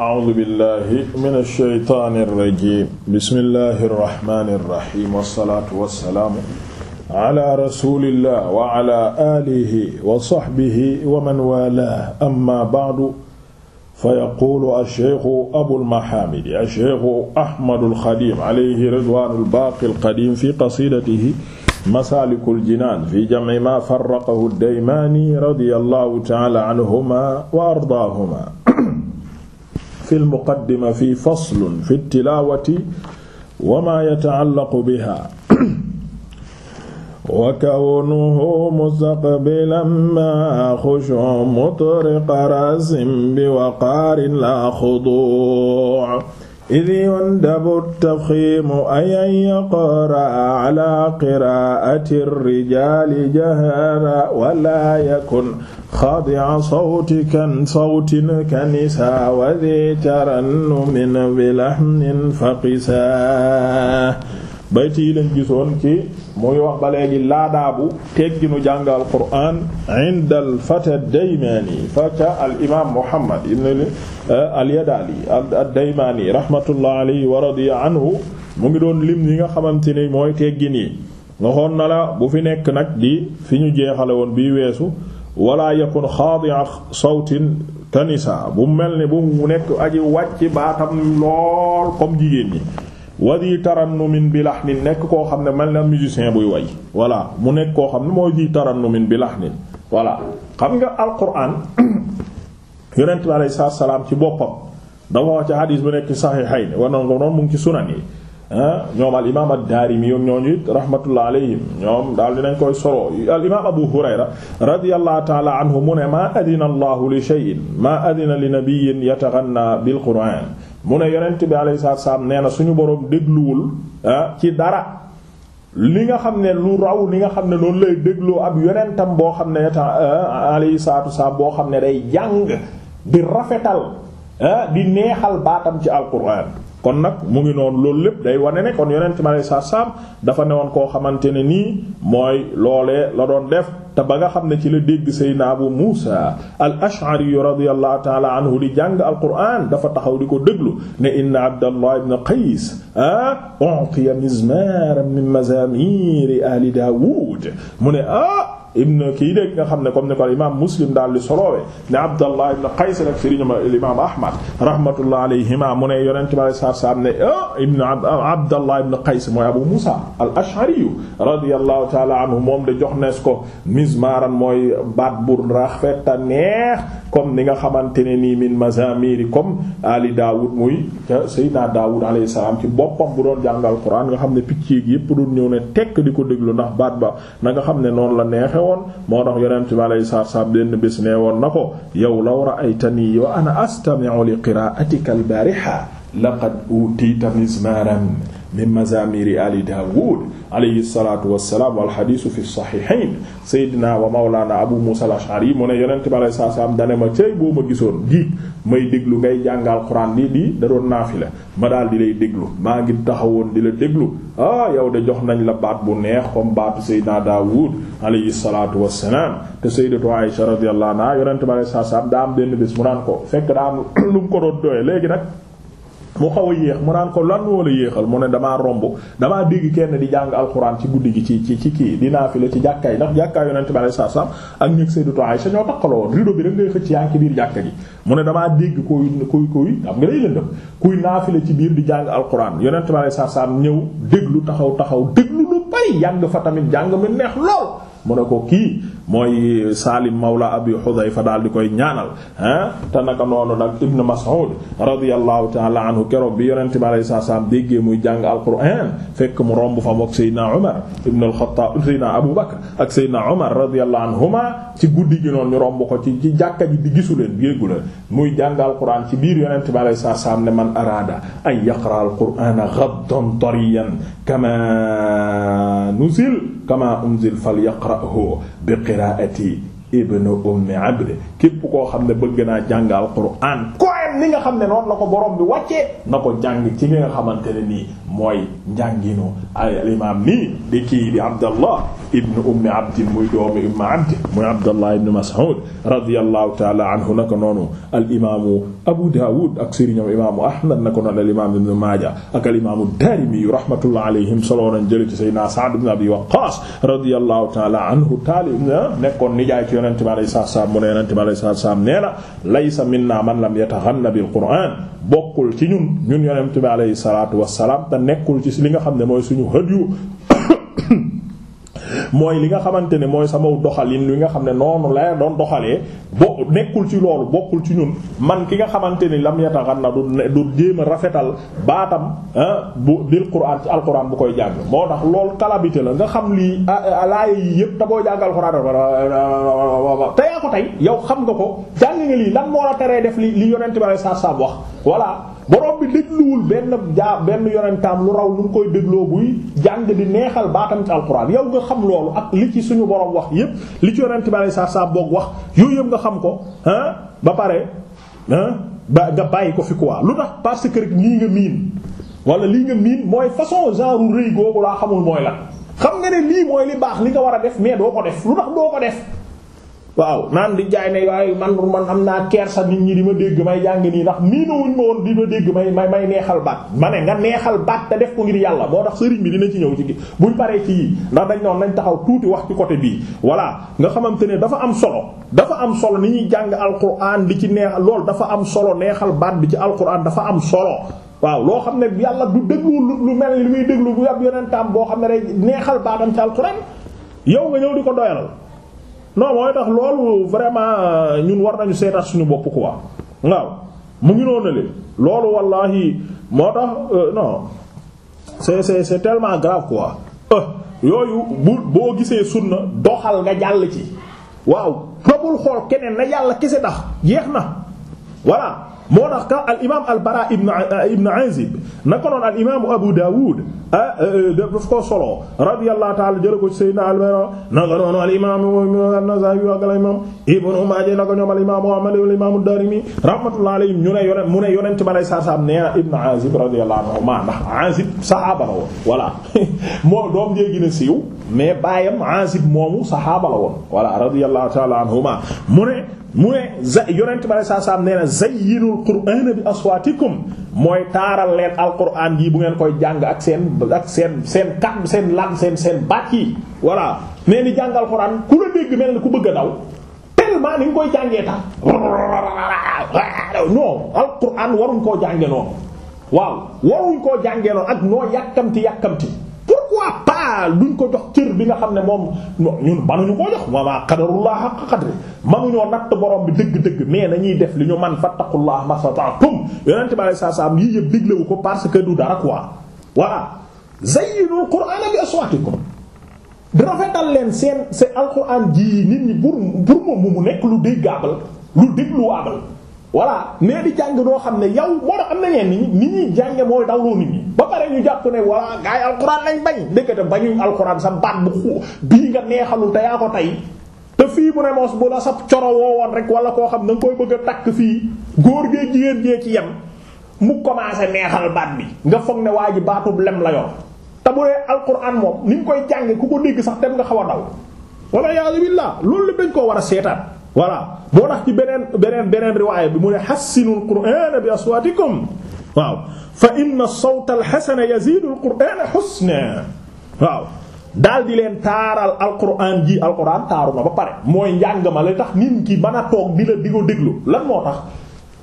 a'uuzu billaahi mina shaytaani rajiim bismillaahi rahmaani rahiim wassalaatu wassalaamu ala rasuulillah wa ala aalihi wa sahbihi wa man waalaahu amma ba'du fa yaquulu ash-shaykhu abul mahaamidi ash-shaykhu ahmadul xadiim alayhi ridwaanul baaqil qadiim fi qasiidatihi masaalikul jinaan fi jamci maa farraqahu ad-daymaani radiyallaahu ta'aalaa anhumaa wa ardaahumaa fi lmuqaddima fi faslun fi tilaawati wa maa yataallaqu biha wa kawnuhu mustaqbilan ma xushu mutriqa rasim bi waqaarin la xudu idi yundabu tafxiimu ay an yaqra ala qiraati rijaali jahara wala yakun xadia sawtikan sawtin kanisa wadi tarannumin bilahnin faqisa bayti yi lañ gisoon ci mu ngi wax ba léegi laadaabu tegginu jàngal Qur'an inda al fata daymaani fata al imaam Muhammad ibn al eh, Yadaali ad daymaani rahmatullah alayhi wa radiya anhu mu ngi doon lim yi nga xamante ni mooy teggin yi waxoon na la bu fi nekk nag di fi ñu jeexale woon bii weesu wala yakun xaadi'a sawtin kanisa bu mel ni bu mu nekk aji wàcc baatam lool comme jigéen yi wadi tarannumin bi laxnin nekk koo xam ne man la musicien buy way voilà mu nekk koo xam ne mooy di tarannumin bi laxnin voilà xam nga alquran yonent bi alayhi salaatu salaam ci boppam dafa wax nekk saxiixayni war na ko noonu mu ngi ci sunan yi ah, ñoom al imaam ñoom daal dinañ koy solo al Abu Hurayra radiyallahu ta'ala anhu mu ne maa adina Allahu li shay'in maa adina li nabiyyin yataghannaa bil qur'aan mu ne yonent bi alayhi salaatu salaam nee na suñu boroom dégluwul ah, ci dara li nga xam ne lu raw li nga xam ne noonu lay dégloo ab yonentam boo xam ne ta ah, alayhi salaatu salaam boo xam ne day jàng di rafetal ah, di neexal baatam ci alquran kon nag mu ngi noonu loolu lépp day wane ne kon yonent ma lay saa saam dafa newoon koo xamante ne nii mooy loolee la doon def te ba nga xam ne ci la dégg Seydina Abu Muusa al-Ash'ari radiyallahu ta'ala anhu di jàng alquran dafa taxaw di ko déglu ne inna Abdallah ibn Qays ah u'tiya mizmaran min mazamiri ali Daawud mu ne ah ibn kii dégg nga xam ne comme ni ko daal di solowee ne abdallah ibn qays rek sëriñam imam ahmad rahmatullah alayhima mu ne yonente bi alei satu salaam ne oh, ibn abdallah ibn moom de jox nees ko mizmaran mooy baat bu rafet a neex nga xamante ne nii min mazamiri comme ali daawud muy ca sayyidina daawud alayhi salaam ci boppam bu doon jàngal qur'an nga xam ne picc yi yépp doon ñëw ne tekk di ko déglu ndax baat ba na nga xam ne noonu la neex woon moo tax yonent bi alayhi salaatu salaam benn bés nee woon na ko yow law ra'aytanii wa ana astami'u li qiraa'atika al-baariha laqad utiita mizmaaran min mazamiri ali daawud alayhi salatu wasalaam walhadisu fi sahihayn saydina wa maulana abu mu ne yonent bi alayhi salaatu salaam dane gisoon giig may déglu ngay jàngal quran di di da doon naafila ma daal lay déglu maa ngi taxawoon di la déglu ah yow de jox nañ la baat bu neex comme baatu saydina daawud alayhi salatu wasalaam te sayyidatu aisha radiyallahu anha yonent bi alayhi salaatu salaam daa am benn bés mu naan ko fekk daa am lu mu ko doon doye léegi nag mu xaw a yéex mu naan ko lan moo la yéexal mu ne damaa romb damaa dégg kenn di jàng alxuraan ci guddi gi ci ci kii di naafila ci jàkkaay ndax jàkkaay yonente bi alayhi salaam ak ñeg Sayyidatu Aisha ñoo taqaloo woon rido bi rek ngay xëcc yaa ngi ci biir jàkka ji mu ne damaa dégg kuy kuy kuy am nga day lëndëm kuy naafila ci biir di jàng alxuraan yonente bi alayhi salaam ñëw déglu taxaw taxaw déglu lu bari yàgg fa tamit jàng mi neex lool mu ne ko kii mooy Salim Mawla Abi Hudhayfa daal di koy ñaanal ah te naka noonu nag Ibn Mas'ud radiyallahu ta'ala anhu keroog bi yonent bi alayhi salaam déggee muy jàng alquran fekk mu romb fa mook Seydina Omar Ibn al-Khattab Seydina Abu Bakr ak Seydina Omar radiyallahu anhuma ci guddi gi noonu ñu romb ko ci ci jàkka ji di gisu leen yéggu leen muy jàng alquran ci biir yonent bi alayhi salaam ne man araada an yaqra alqur'ana ghaddan tariyan kama nuzil kama unzil falyaqrahu bi qiraati ibnu ummi abd képp koo xam ne bëgg naa jàng alquran mboolem li nga xam ne noonu la ko borom bi wàccee na ko jàng ci nga xamante ne nii mooy njànginu ay alimaam nii di kii di Abdallah ibn ummi abdin muy doomi ummi abdi muy Abdallah ibn Mas'ud radiyallahu taala anhu naka noonu al imaamu Abu Dawud ak sëriñam imaamu Ahmad naka noonu al imaam ibn Maaja ak al imaamu Daarimi rahmatullah alayhim solo nañ jël ci Seydina Sa'd ibn Abi Waqqaas radiyallahu taala anhu taalib nekkoon nijaay ci Yonent bi alayhi salaam mu ne Yonent bi alayhi salaam nee na laysa minna man lam yataxanna amanna bil qur'an bokkul ci ñun ñun yonent bi alayhi salaatu wassalaam te nekkul ci si li nga xam ne mooy suñu hëdyu mooy li nga xamante ne mooy sama doxalin yi nga xam ne noonu la doon doxalee bo nekkul ci loolu bokkul ci ñun man ki nga xamante ni lam yataxan na du jéem a rafetal baatam ah, bu bil quraan ci alquran bu koy jàng moo tax lool calamité la nga xam lii laaya yi yëpp te boo jàng alquran te yaa ko tey yow xam nga ko jàng nga lii lan moo la teree def li li yonent bi sallallahu alayhi wasallam wax voilà borom bi dégluwul benn jaar benn yonentam lu raw lu ngi koy dégloo buy jàng di neexal baatam ci alxuraan yow nga xam loolu ak li ci suñu borom wax yëpp li ci yonent bi saa saa boog wax yooyu yëpp nga xam ko ah ba pare ah ba nga bàyyi ko fi quoi lu tax parce que rek nii nga miin wala lii nga miin mooy façon genre rëy googu laa xamul mooy la xam nga ne lii mooy li baax li nga war a def mais doo ko def lu tax doo ko def. waaw naan di jaay ne waaye man man am naa kersa nit ñi di ma dégg may jàng nii ndax nii na wuñ ma woon di ma dégg may may may neexal baat ma ne nga neexal baat te def ko ngir yàlla moo tax bi dina ci ñëw gi buñ paree ci yii ndax dañ noon taxaw tuuti wax ci côté bii voilà nga xamante ne dafa am solo dafa am solo ni ñuy jàng alquran di ci neex lool dafa am solo neexal baat bi ci alquran dafa am solo waaw loo xam ne yàlla du déglu lu mel ni li muy déglu bu yàb yonentam boo xam ne day neexal baatam ci alquran yow nga ñëw di ko doyalal non mooy tax loolu vraiment euh, ñun war nañu seetaat suñu bopp quoi waaw mu ngi noonu leen loolu wallahi moo tax euh, non c'est c'est c'est grave quoi. Euh, yooyu bu boo gisee sunna doxal nga jàll ci waaw probul xool keneen na yàlla kese ndax jeex na voilà. moo tax ka al imaam al Bara ibn eh, ibn Azib naka noonu al imaamu Abu Dawud ah eh, eh, daf koo solo radiyallahu ta'ala jëlee ko Seydina al Bara naka noonu al imaam an-Nasa'i ak al imaam Ibnu Maaja naka ñoom al imaam Ahmad wal imaam Darimi rahmatullahi alayhim ñu ne yonent mu ne yonent ma lay saa saa nee na ibn Azib radiyallahu anhu maa ndax Azib saxaaba la woon voilà moo doom jee gën a siiw mais baayam Azib moomu saxaaba la woon voilà radiyallahu ta'ala anhuma mu ne mu ne za yonent bi saa saa nee na zayyinul qur'ana bi aswaatikum mooy taaral leen alquran yi bu ngeen koy jàng ak seen ak seen seen kàddu seen lan seen seen baat yi. voilà nee jàngal jàng alquran ku la dégg mel ni ku bëgg a daw tellement ni nga koy jàngee tax non alquran waruñ koo jàngee noonu waaw waruñ koo jàngee noonu ak noo yàkkamti yàkkamti pourquoi pas luñ ko jox bi nga xam ne moom ñun manuñu koo jox wa ma qadarullah haqqa qadri manuñoo natt borom bi dëgg-dëgg mais nañuy def li ñu man fattaqullah masata'tum yonent bi saa saa am yii yëpp diglewu ko parce que du dara quoi voilà zayyinul qur'ana bi aswatikum di rafetal leen seen seen alxuraan ji nit ñi pour pour moom mu nekk lu déggable lu dégluwaabal voilà mais di jàng noo xam ne yow moo am na ñeen ni ñuy jànge mooy dawloo nit ñi ba pare ñu jàpp ne waa gaa yi alxuraan lañ bañ ndekete bañuñ alxuraan sa baat bu xu bii nga neexalul te yaa ko tey te fii mu ne mos bu la sab coro woowoon rek wala koo xam na nga koy bëgg a takk fii góor gee jigéen gee ci yem mu commencé neexal baat bi nga foog ne waa ji baatub lem la yor te bu dee alxuraan moom ni nga koy jànge ku ko dégg sax dem nga xaw a daw wala yaalu billah loolu lépp dañ koo war a seetaan voilà boo tax ci beneen beneen beneen riwaaya bi mu ne hassinul qur'ana bi aswatikum waaw fa inna sawta alxasana yazidu alqur'ana xusna waaw daal di leen taaral alquran ji alquran taaru na ba pare mooy njàng ma la tax nit ki ba a toog di la di déglu lan moo tax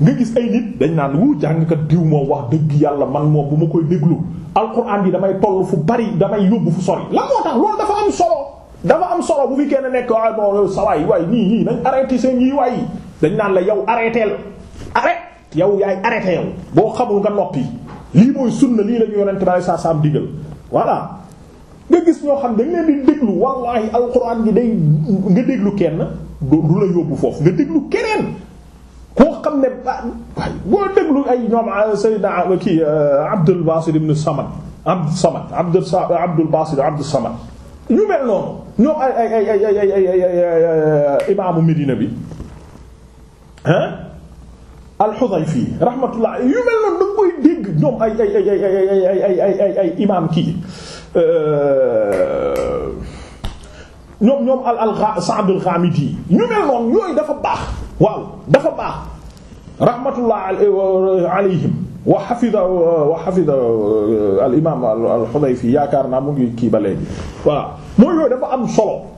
nga gis ay nit dañ naan wu jàngkat diw moom wax dëgg yàlla man moom bu ma koy déglu alquran ji damay toll fu bari damay yóbbu fu sori lan moo tax loolu dafa am solo dafa am solo bu fi kenn nekk ay ah, bon sawaay waay nii nañ arrêté seen yi waay dañ naan la yow arrêté la yow yaay arrêté yow boo xamul nga noppi lii mooy sunna lii la ñu yonent bi saa saam digal voilà nga gis ñoo xam dañ leen di déglu wallahi alxuraan bi day nga déglu kenn du la yóbbu foofu nga déglu keneen koo xam ne ba waaye boo déglu ay ñoom Seydina kii Abdul Basit ibn Samad Abdul Samad Abdul Abdul Basit Abdul Samad ñu mel noonu ñoom ay ay ay ay ay ay imaamu Medina bi al-Hudayfi rahmatullah yu mel noonu da nga koy dégg ñoom ay ay ay ay ay ay ay ay imaam kii euh, ñoom ñoom al al Sa'd al-Ghamidi ñu mel noonu yooyu dafa baax waaw dafa baax rahmatullah euh, alayhim wa hafida wa hafida euh, al imaam al-Hudayfi yaakaar naa mu ngi kii ba léegi voilà mooy yooyu dafa am solo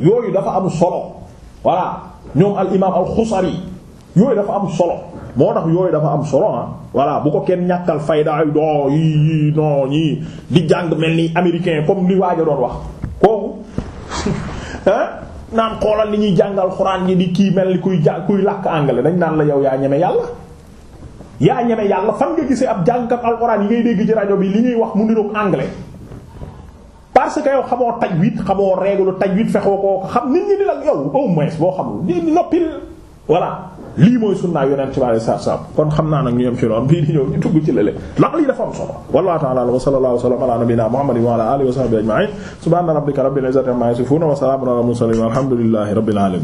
yooyu dafa am solo voilà ñoom al imaam al-Khusari yooyu dafa am solo. moo tax yooyu dafa am solo ah voilà bu ko kenn ñàkkal fayda ay do yi non ñii di jàng mel ni américain comme li waaja doon wax kooku naan xoolal ni ñuy jàngal xuraan yi di kii mel ni kuy ja kuy làkk anglais dañ naan la yow yaa ñeme yàlla yaa ñeme yàlla fan nga gisee ab jàngkat alxuraan yi ngay dégg ci rajo bi li ñuy wax mu niroog anglais parce que yow xamoo tajwid xamoo taj wit fexoo ko xam nit ñi di la yow au moins boo xam di noppil lii mooy sunnaa yonent bi alayhi salaatu kon xam naa nag ñu yem ci loolu bii di lii dafa am solo wallahu ta'ala wa sallallahu wa sallam ala nabiyyina muhammadin wa ala alihi wa sahbihi ajma'in subhana rabbika